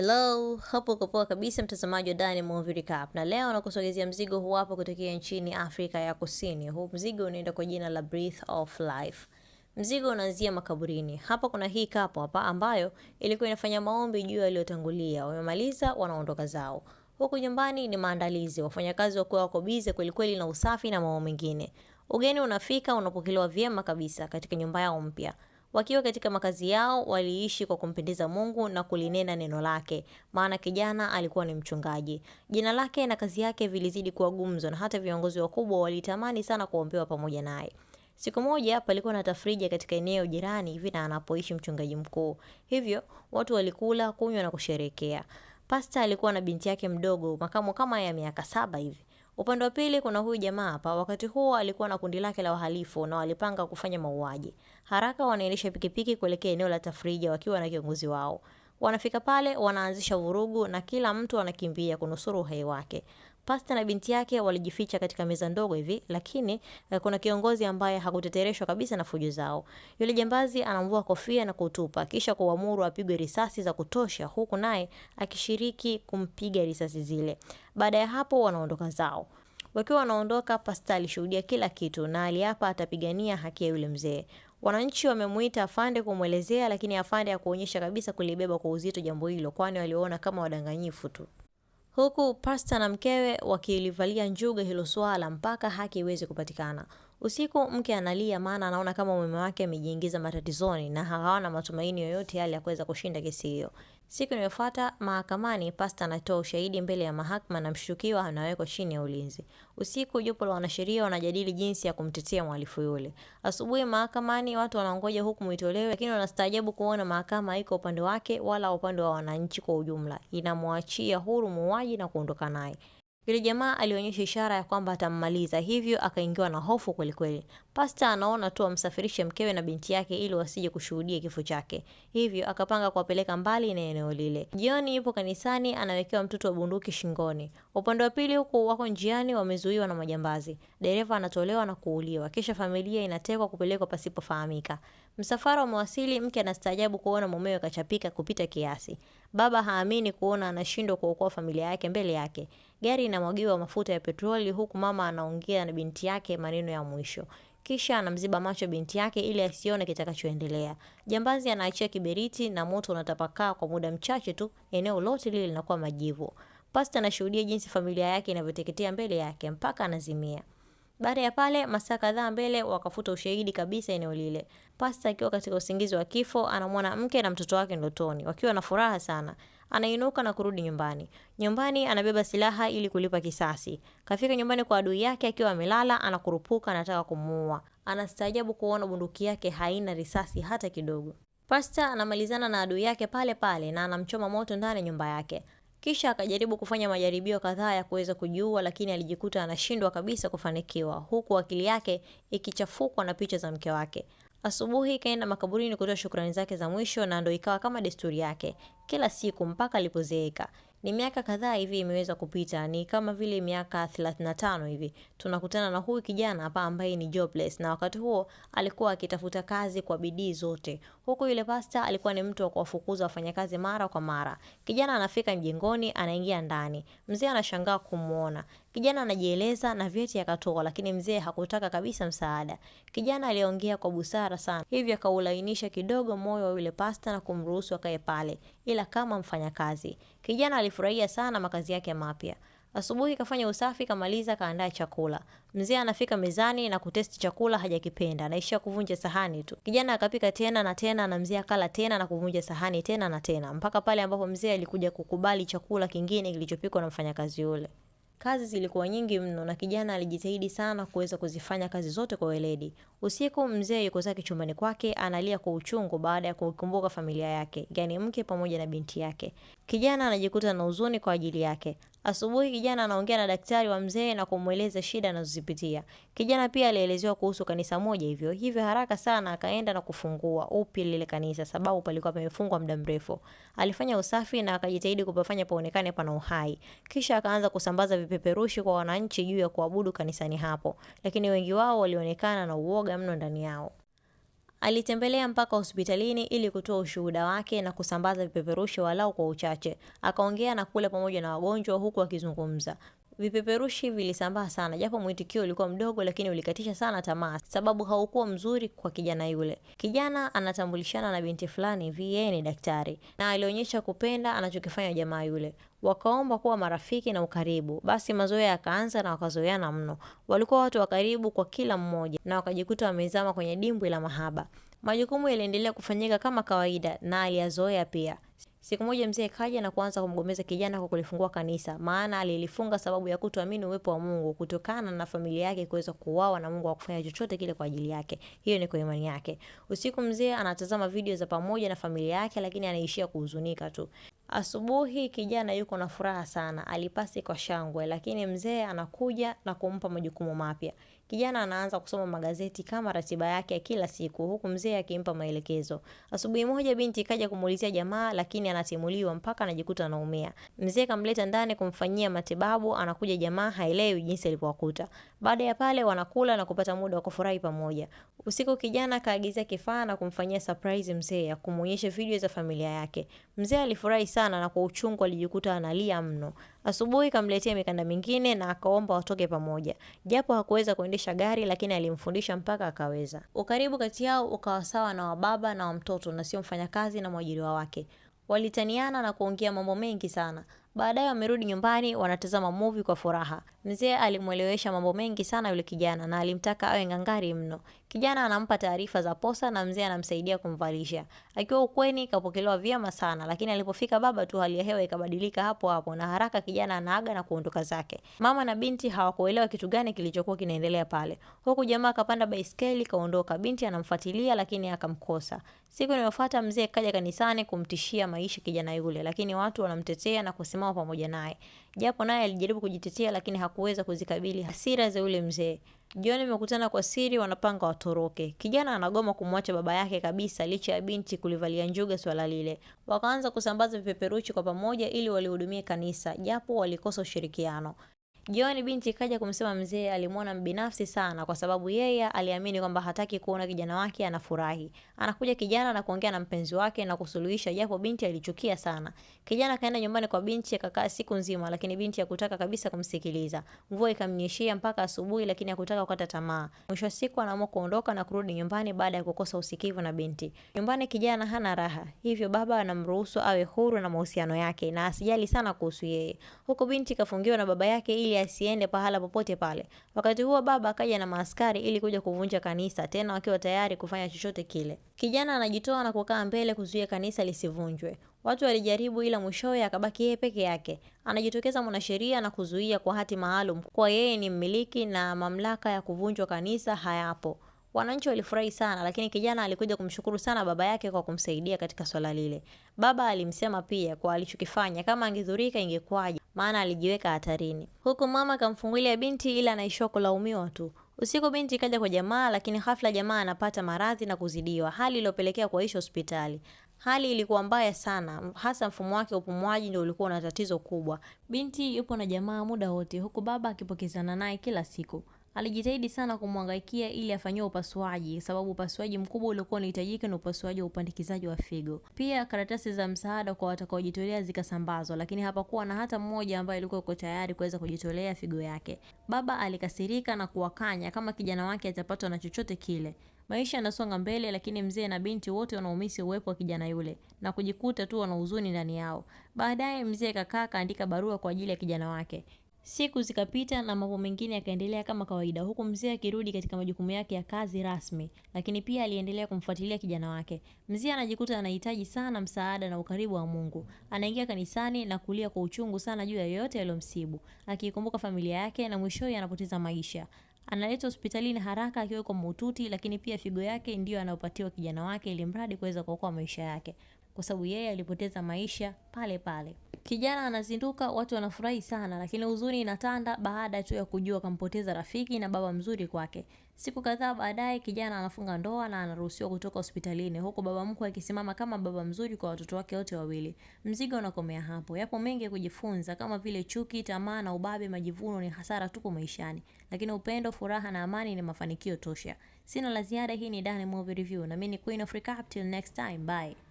Hello, hapo uko poa kabisa mtazamaji wa Dani Movie Recap. Na leo nakusogezea mzigo huu hapo kutokea nchini Afrika ya Kusini. Huu mzigo unaenda kwa jina la Breath of Life. Mzigo unaanzia makaburini. Hapa kuna hii kapo hapa ambayo ilikuwa inafanya maombi juu yaliyotangulia. Wamemaliza, wanaondoka zao. Huku nyumbani ni maandalizi. Wafanyakazi wakuwa wako bize kwelikweli na usafi na mambo mengine. Ugeni unafika unapokelewa vyema kabisa katika nyumba yao mpya. Wakiwa katika makazi yao waliishi kwa kumpendeza Mungu na kulinena neno lake, maana kijana alikuwa ni mchungaji. Jina lake na kazi yake vilizidi kuwa gumzo, na hata viongozi wakubwa walitamani sana kuombewa pamoja naye. Siku moja palikuwa na tafrija katika eneo jirani hivi na anapoishi mchungaji mkuu, hivyo watu walikula, kunywa na kusherekea. Pasta alikuwa na binti yake mdogo, makamo kama ya miaka saba hivi. Upande wa pili kuna huyu jamaa hapa. Wakati huo alikuwa na kundi lake la wahalifu na walipanga kufanya mauaji. Haraka wanaendesha pikipiki kuelekea eneo la Tafrija wakiwa na kiongozi wao. Wanafika pale, wanaanzisha vurugu na kila mtu anakimbia kunusuru uhai wake. Pasta na binti yake walijificha katika meza ndogo hivi, lakini eh, kuna kiongozi ambaye hakutetereshwa kabisa na fujo zao. Yule jambazi anamvua kofia na kutupa, kisha kuamuru apigwe risasi za kutosha, huku naye akishiriki kumpiga risasi zile. Baada ya hapo, wanaondoka zao. Wakiwa wanaondoka, Pasta alishuhudia kila kitu na aliapa atapigania haki ya yule mzee. Wananchi wamemuita afande kumwelezea, lakini afande hakuonyesha kabisa kulibeba kwa uzito jambo hilo, kwani waliona kama wadanganyifu tu huku pasta na mkewe wakilivalia njuga hilo swala mpaka haki iweze kupatikana. Usiku mke analia, maana anaona kama mume wake amejiingiza matatizoni na hawana matumaini yoyote yale ya kuweza kushinda kesi hiyo. Siku inayofuata mahakamani, pasta anatoa ushahidi mbele ya mahakama na mshtakiwa anawekwa chini ya ulinzi. Usiku jopo la wanasheria wanajadili jinsi ya kumtetea mhalifu yule. Asubuhi mahakamani, watu wanangoja hukumu itolewe, lakini wanastaajabu kuona mahakama haiko upande wake wala upande wa wananchi kwa ujumla, inamwachia huru muuaji na kuondoka naye. Yule jamaa alionyesha ishara ya kwamba atammaliza, hivyo akaingiwa na hofu kwelikweli. Pasta anaona tu amsafirishe mkewe na binti yake ili wasije kushuhudia kifo chake, hivyo akapanga kuwapeleka mbali na eneo lile. Jioni yupo kanisani, anawekewa mtoto wa bunduki shingoni. Upande wa pili huku wako njiani, wamezuiwa na majambazi. Dereva anatolewa na kuuliwa, kisha familia inatekwa kupelekwa pasipofahamika. Msafara umewasili. Mke anastaajabu kuona mumewe kachapika kupita kiasi. Baba haamini kuona anashindwa kuokoa familia yake mbele yake. Gari inamwagiwa mafuta ya petroli, huku mama anaongea na binti yake maneno ya mwisho kisha anamziba macho binti yake ili asione kitakachoendelea. Jambazi anaachia kiberiti na moto unatapakaa. Kwa muda mchache tu, eneo lote lile linakuwa majivu. Pasta anashuhudia jinsi familia yake inavyoteketea mbele yake mpaka anazimia. Baada ya pale, masaa kadhaa mbele wakafuta ushahidi kabisa eneo lile. Pasta akiwa katika usingizi wa kifo anamwona mke na mtoto wake ndotoni wakiwa na furaha sana. Anainuka na kurudi nyumbani. Nyumbani anabeba silaha ili kulipa kisasi. Kafika nyumbani kwa adui yake akiwa amelala, anakurupuka, anataka kumuua. Anastaajabu kuona bunduki yake haina risasi hata kidogo. Pasta anamalizana na adui yake pale pale na anamchoma moto ndani ya nyumba yake. Kisha akajaribu kufanya majaribio kadhaa ya kuweza kujua lakini alijikuta anashindwa kabisa kufanikiwa, huku akili yake ikichafukwa na picha za mke wake. Asubuhi kaenda makaburini kutoa shukrani zake za mwisho, na ndo ikawa kama desturi yake kila siku mpaka alipozeeka ni miaka kadhaa hivi imeweza kupita, ni kama vile miaka 35 hivi, tunakutana na huyu kijana hapa ambaye ni jobless, na wakati huo alikuwa akitafuta kazi kwa bidii zote, huku yule pasta alikuwa ni mtu wa kuwafukuza wafanyakazi mara kwa mara. Kijana anafika mjengoni, anaingia ndani, mzee anashangaa kumwona kijana, anajieleza na vyeti akatoa, lakini mzee hakutaka kabisa msaada. Kijana aliongea kwa busara sana, hivyo akaulainisha kidogo moyo wa yule pasta na kumruhusu akae pale, ila kama mfanyakazi. Kijana alifurahia sana makazi yake mapya. Asubuhi kafanya usafi, kamaliza, kaandaa chakula. Mzee anafika mezani na kutesti chakula, hajakipenda, anaishia kuvunja sahani tu. Kijana akapika tena na tena, na mzee akala tena na kuvunja sahani tena na tena, mpaka pale ambapo mzee alikuja kukubali chakula kingine kilichopikwa na mfanyakazi yule. Kazi zilikuwa nyingi mno na kijana alijitahidi sana kuweza kuzifanya kazi zote kwa weledi. Usiku mzee yuko zake chumbani kwake analia kwa uchungu baada ya kukumbuka familia yake, yani mke pamoja na binti yake. Kijana anajikuta na huzuni kwa ajili yake. Asubuhi kijana anaongea na daktari wa mzee na kumweleza shida anazozipitia. Kijana pia alielezewa kuhusu kanisa moja hivyo hivyo, haraka sana akaenda na kufungua upya lile kanisa, sababu palikuwa pamefungwa muda mrefu. Alifanya usafi na akajitahidi kupafanya paonekane pana uhai, kisha akaanza kusambaza vipeperushi kwa wananchi juu ya kuabudu kanisani hapo, lakini wengi wao walionekana na uoga mno ndani yao. Alitembelea mpaka hospitalini ili kutoa ushuhuda wake na kusambaza vipeperushi walau kwa uchache. Akaongea na kula pamoja na wagonjwa huku akizungumza. Vipeperushi vilisambaa sana, japo mwitikio ulikuwa mdogo, lakini ulikatisha sana tamaa, sababu haukuwa mzuri kwa kijana yule. Kijana anatambulishana na binti fulani va ni daktari, na alionyesha kupenda anachokifanya jamaa yule. Wakaomba kuwa marafiki na ukaribu. Basi mazoea yakaanza na wakazoeana mno. Walikuwa watu wa karibu kwa kila mmoja, na wakajikuta wamezama kwenye dimbwi la mahaba. Majukumu yaliendelea kufanyika kama kawaida, na aliyazoea pia. Siku moja mzee kaja na kuanza kumgomeza kijana kwa kulifungua kanisa, maana alilifunga sababu ya kutoamini uwepo wa Mungu kutokana na familia yake kuweza kuuawa na Mungu akufanya chochote kile kwa ajili yake. Hiyo ni kwa imani yake. Usiku mzee anatazama video za pamoja na familia yake, lakini anaishia kuhuzunika tu. Asubuhi kijana yuko na furaha sana, alipasi kwa shangwe, lakini mzee anakuja na kumpa majukumu mapya. Kijana anaanza kusoma magazeti kama ratiba yake ya kila siku, huku mzee akimpa maelekezo. Asubuhi moja binti ikaja kumuulizia jamaa, lakini anatimuliwa mpaka anajikuta anaumia. Mzee kamleta ndani kumfanyia matibabu, anakuja jamaa haelewi jinsi alivyowakuta. Baada ya pale, wanakula na kupata muda wa kufurahi pamoja. Usiku kijana kaagizia kifaa na kumfanyia surprise mzee ya kumwonyesha video za familia yake. Mzee alifurahi sana na kwa uchungu alijikuta analia mno. Asubuhi kamletea mikanda mingine na akaomba watoke pamoja. Japo hakuweza kuendesha gari, lakini alimfundisha mpaka akaweza. Ukaribu kati yao ukawa sawa na wababa na wa mtoto na sio mfanyakazi na mwajiriwa wake. Walitaniana na kuongea mambo mengi sana. Baadaye wamerudi nyumbani, wanatazama movie kwa furaha. Mzee alimwelewesha mambo mengi sana yule kijana na alimtaka awe ngangari mno. Kijana anampa taarifa za posa na mzee anamsaidia kumvalisha. Akiwa ukweni kapokelewa vyema sana, lakini alipofika baba tu hali ya hewa ikabadilika hapo hapo na haraka kijana anaaga na kuondoka zake. Mama na binti hawakuelewa kitu gani kilichokuwa kinaendelea pale. Huku jamaa akapanda baiskeli kaondoka, binti anamfuatilia lakini akamkosa. Siku inayofuata mzee kaja kanisani kumtishia maisha kijana yule, lakini watu wanamtetea na kusema kusimama pamoja naye, japo naye alijaribu kujitetea, lakini hakuweza kuzikabili hasira za yule mzee. Jioni wamekutana kwa siri, wanapanga watoroke. Kijana anagoma kumwacha baba yake kabisa, licha ya binti kulivalia njuga swala lile. Wakaanza kusambaza vipeperushi kwa pamoja ili walihudumie kanisa, japo walikosa ushirikiano. Jioni binti kaja kumsema mzee alimwona mbinafsi sana, kwa sababu yeye aliamini kwamba hataki kuona kijana wake anafurahi. Anakuja kijana na kuongea na mpenzi wake na kusuluhisha, japo binti alichukia sana. Kijana kaenda nyumbani kwa binti, akakaa siku nzima, lakini binti hakutaka kabisa kumsikiliza. Mvua ikamnyeshia mpaka asubuhi, lakini hakutaka kukata tamaa. Mwisho wa siku anaamua kuondoka na kurudi nyumbani baada ya kukosa usikivu na binti. Nyumbani kijana hana raha, hivyo baba anamruhusu awe huru na mahusiano yake na asijali sana kuhusu yeye, huku binti kafungiwa na baba yake ili asiende pahala popote pale. Wakati huo baba akaja na maaskari ili kuja kuvunja kanisa, tena wakiwa tayari kufanya chochote kile. Kijana anajitoa na kukaa mbele kuzuia kanisa lisivunjwe. Watu walijaribu ila mwishowe akabaki yeye peke yake. Anajitokeza mwanasheria na kuzuia kwa hati maalum kwa yeye ni mmiliki na mamlaka ya kuvunjwa kanisa hayapo. Wananchi walifurahi sana, lakini kijana alikuja kumshukuru sana baba yake kwa kumsaidia katika swala lile. Baba alimsema pia kwa alichokifanya, kama angedhurika ingekuwaje maana alijiweka hatarini, huku mama akamfungulia binti, ila anaishiwa kulaumiwa tu. Usiku binti ikaja kwa jamaa, lakini hafla jamaa anapata maradhi na kuzidiwa, hali iliyopelekea kuishi hospitali. Hali ilikuwa mbaya sana, hasa mfumo wake wa upumuaji ndio ulikuwa una tatizo kubwa. Binti yupo na jamaa muda wote, huku baba akipokezana naye kila siku. Alijitahidi sana kumwangaikia ili afanyiwe upasuaji, sababu upasuaji mkubwa uliokuwa unahitajika ni upasuaji wa upandikizaji wa figo. Pia karatasi za msaada kwa watakaojitolea zikasambazwa, lakini hapakuwa na hata mmoja ambaye alikuwa yuko tayari kuweza kujitolea figo yake. Baba alikasirika na kuwakanya kama kijana wake atapatwa na chochote kile. Maisha yanasonga mbele, lakini mzee na binti wote wanaumisi uwepo wa kijana yule na kujikuta tu wana huzuni ndani yao. Baadaye mzee kakaa kaandika barua kwa ajili ya kijana wake. Siku zikapita na mambo mengine yakaendelea kama kawaida, huku mzee akirudi katika majukumu yake ya kazi rasmi, lakini pia aliendelea kumfuatilia kijana wake. Mzee anajikuta anahitaji sana msaada na ukaribu wa Mungu. Anaingia kanisani na kulia kwa uchungu sana juu ya yoyote yaliyomsibu, akiikumbuka familia yake, na mwishowe anapoteza maisha. Analetwa hospitalini haraka akiwekwa mahututi, lakini pia figo yake ndiyo anayopatiwa kijana wake ili mradi kuweza kuokoa maisha yake kwa sababu yeye alipoteza maisha pale pale. Kijana anazinduka, watu wanafurahi sana, lakini huzuni inatanda baada tu ya kujua kampoteza rafiki na baba mzuri kwake. Siku kadhaa baadaye, kijana anafunga ndoa na anaruhusiwa kutoka hospitalini, huku baba mkwe akisimama kama baba mzuri kwa watoto wake wote wawili. Mzigo unakomea hapo. Yapo mengi ya kujifunza kama vile chuki, tamaa na ubabe. Majivuno ni hasara tuko maishani, lakini upendo, furaha na amani ni mafanikio tosha. Sina la ziada. Hii ni Dani Movie Review na mimi ni Queen of Recap. Till next time, bye.